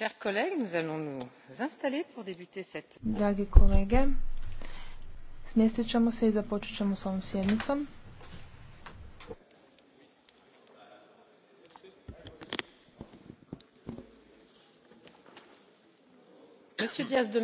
Dragi kolege, smjestit ćemo se i započet ćemo s ovom sjednicom.